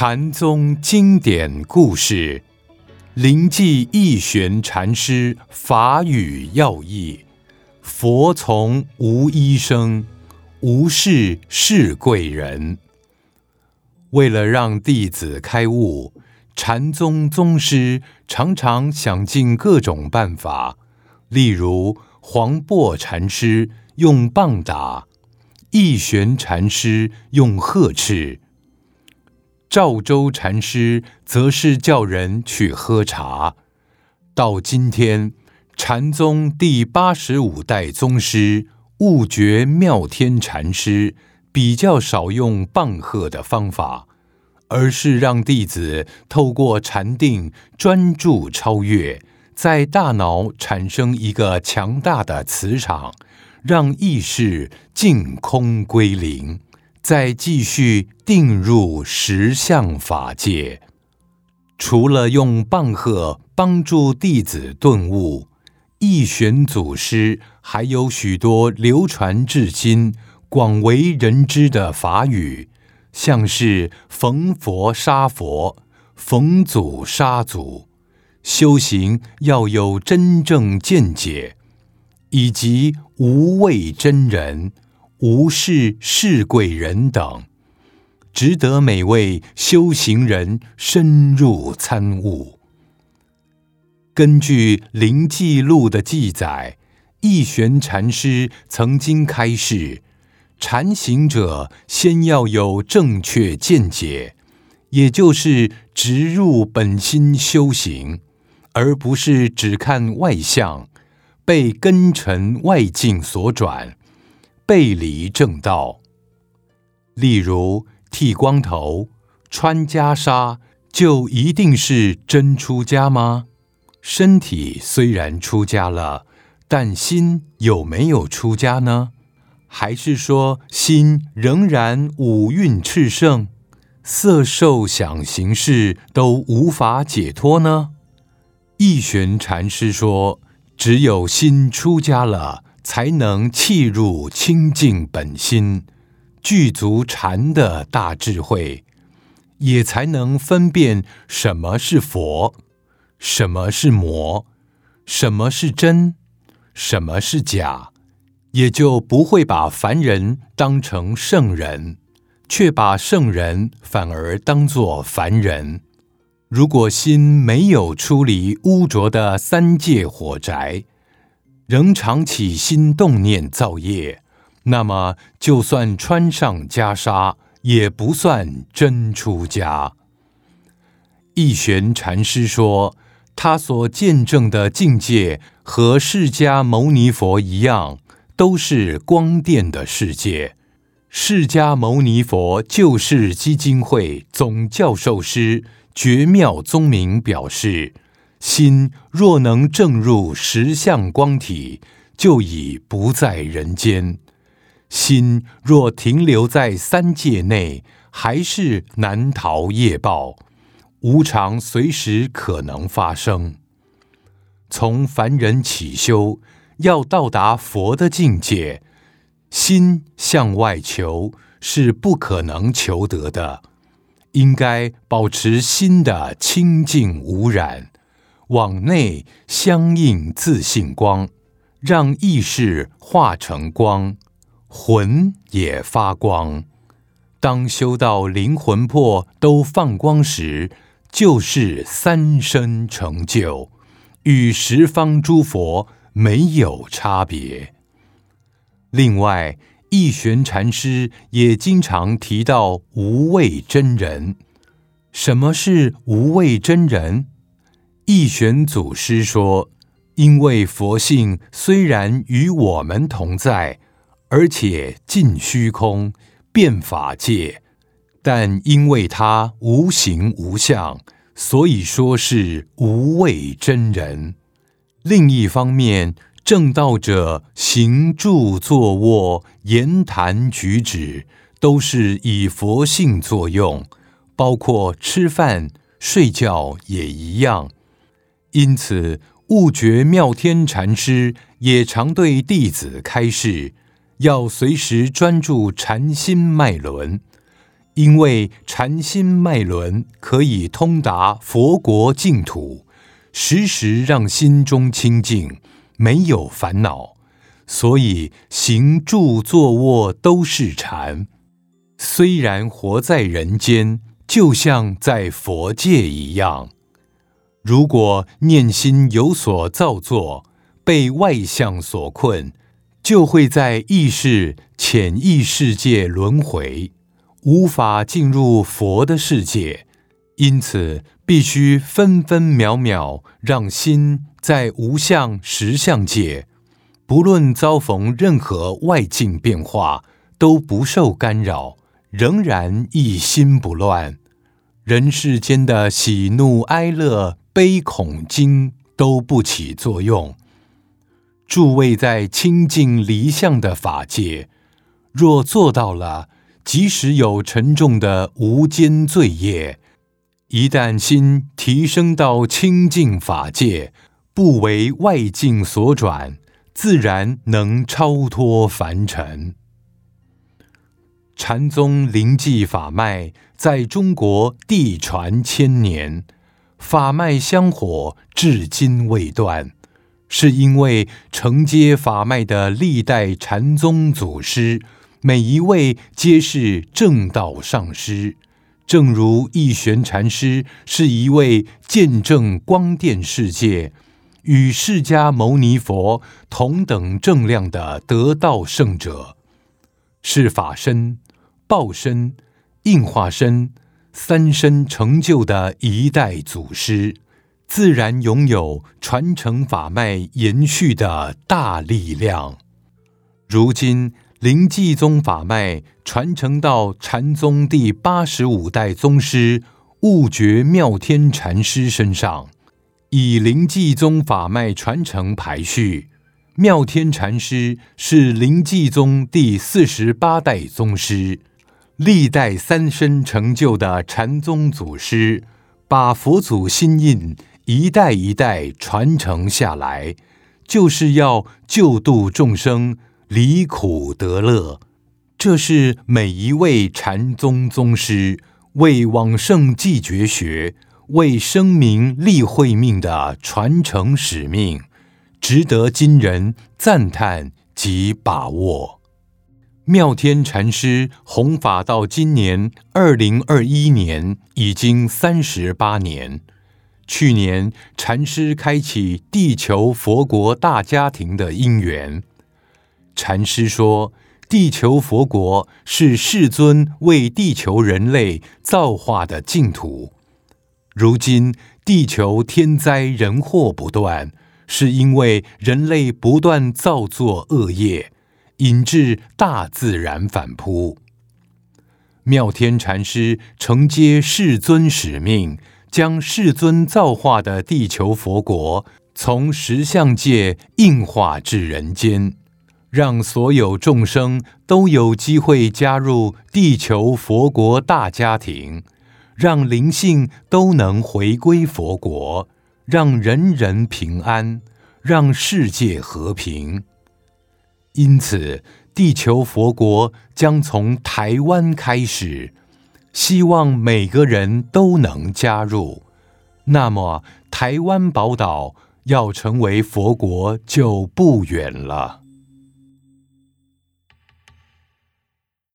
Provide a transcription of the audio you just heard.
禪宗經典故事，《臨濟義玄禪師法語要義》：“佛從無依生，無事是貴人。”為了讓弟子開悟，禪宗宗師常常想盡各種辦法，例如黃檗禪師用棒打，義玄禪師用呵斥。趙州禪師則是叫人去喝茶。到今天，禪宗第八十五代宗師悟覺妙天禪師比較少用棒喝的方法，而是讓弟子透過禪定專注超越，在大腦產生一個強大的磁場，讓意識淨空歸零。再繼續定入實相法界。除了用棒喝幫助弟子頓悟，義玄祖師還有許多流傳至今、廣為人知的法語，像是“逢佛殺佛，逢祖殺祖”，修行要有真正見解，以及“無畏真人”。無事是貴人等，值得每位修行人深入參悟。根據《臨濟錄》的記載，義玄禪師曾經開示：禪行者先要有正確見解，也就是直入本心修行，而不是只看外相，被根塵外境所轉。背離正道，例如剃光頭、穿袈裟，就一定是真出家嗎？身體雖然出家了，但心有沒有出家呢？還是說心仍然五蘊熾盛，色、受、想、行、識都無法解脫呢？義玄禪師說：“只有心出家了。”才能契入清淨本心，具足禪的大智慧，也才能分辨什麼是佛，什麼是魔，什麼是真，什麼是假，也就不會把凡人當成聖人，卻把聖人反而當作凡人。如果心沒有出離污濁的三界火宅，仍常起心動念造業，那麼就算穿上袈裟，也不算真出家。義玄禪師說，他所見證的境界和釋迦牟尼佛一樣，都是光電的世界。釋迦牟尼佛救世基金會總教授師覺妙宗明表示，心若能證入實相光體，就已不在人間；心若停留在三界內，還是難逃業報，無常隨時可能發生。從凡人起修，要到達佛的境界，心向外求是不可能求得的，應該保持心的清淨無染。往內相應自信光，讓意識化成光，魂也發光。當修到靈魂魄都放光時，就是三身成就，與十方諸佛沒有差別。另外，義玄禪師也經常提到無畏真人。什麼是無畏真人？義玄祖師說：“因為佛性雖然與我們同在，而且盡虛空遍法界，但因為它無形無相，所以說是無畏真人。另一方面，正道者行住坐臥、言談舉止，都是以佛性作用，包括吃飯、睡覺也一樣。”因此，悟覺妙天禪師也常對弟子開示：要隨時專注禪心脈輪，因為禪心脈輪可以通達佛國淨土，時時讓心中清淨，沒有煩惱。所以行住坐臥都是禪，雖然活在人間，就像在佛界一樣。如果念心有所造作，被外相所困，就會在意識、潛意識界輪回，無法進入佛的世界。因此，必須分分秒秒讓心在無相實相界，不論遭逢任何外境變化，都不受干擾，仍然一心不亂。人世間的喜怒哀樂、悲、恐、驚都不起作用。諸位在清淨離相的法界，若做到了，即使有沉重的無間罪業，一旦心提升到清淨法界，不為外境所轉，自然能超脫凡塵。禪宗臨濟法脈在中國遞傳千年。法脈香火至今未斷，是因為承接法脈的歷代禪宗祖師，每一位皆是正道上師。正如義玄禪師，是一位見證光電世界與釋迦牟尼佛同等正量的得道聖者，是法身、報身、應化身。三身成就的一代祖師，自然擁有傳承法脈延續的大力量。如今，臨濟宗法脈傳承到禪宗第八十五代宗師悟覺妙天禪師身上。以臨濟宗法脈傳承排序，妙天禪師是臨濟宗第四十八代宗師。歷代三身成就的禪宗祖師，把佛祖心印一代一代傳承下來，就是要救度眾生，離苦得樂。這是每一位禪宗宗師為往聖繼絕學，為生民立慧命的傳承使命，值得今人讚嘆及把握。妙天禪師弘法到今年二零二一年已經三十八年。去年禪師開啟地球佛國大家庭的因緣。禪師說，地球佛國是世尊為地球人類造化的淨土。如今地球天災人禍不斷，是因為人類不斷造作惡業。引致大自然反撲，妙天禪師承接世尊使命，將世尊造化的地球佛國從實相界應化至人間，讓所有眾生都有機會加入地球佛國大家庭，讓靈性都能回歸佛國，讓人人平安，讓世界和平。因此，地球佛國將從台灣開始，希望每個人都能加入。那麼，台灣寶島要成為佛國就不遠了。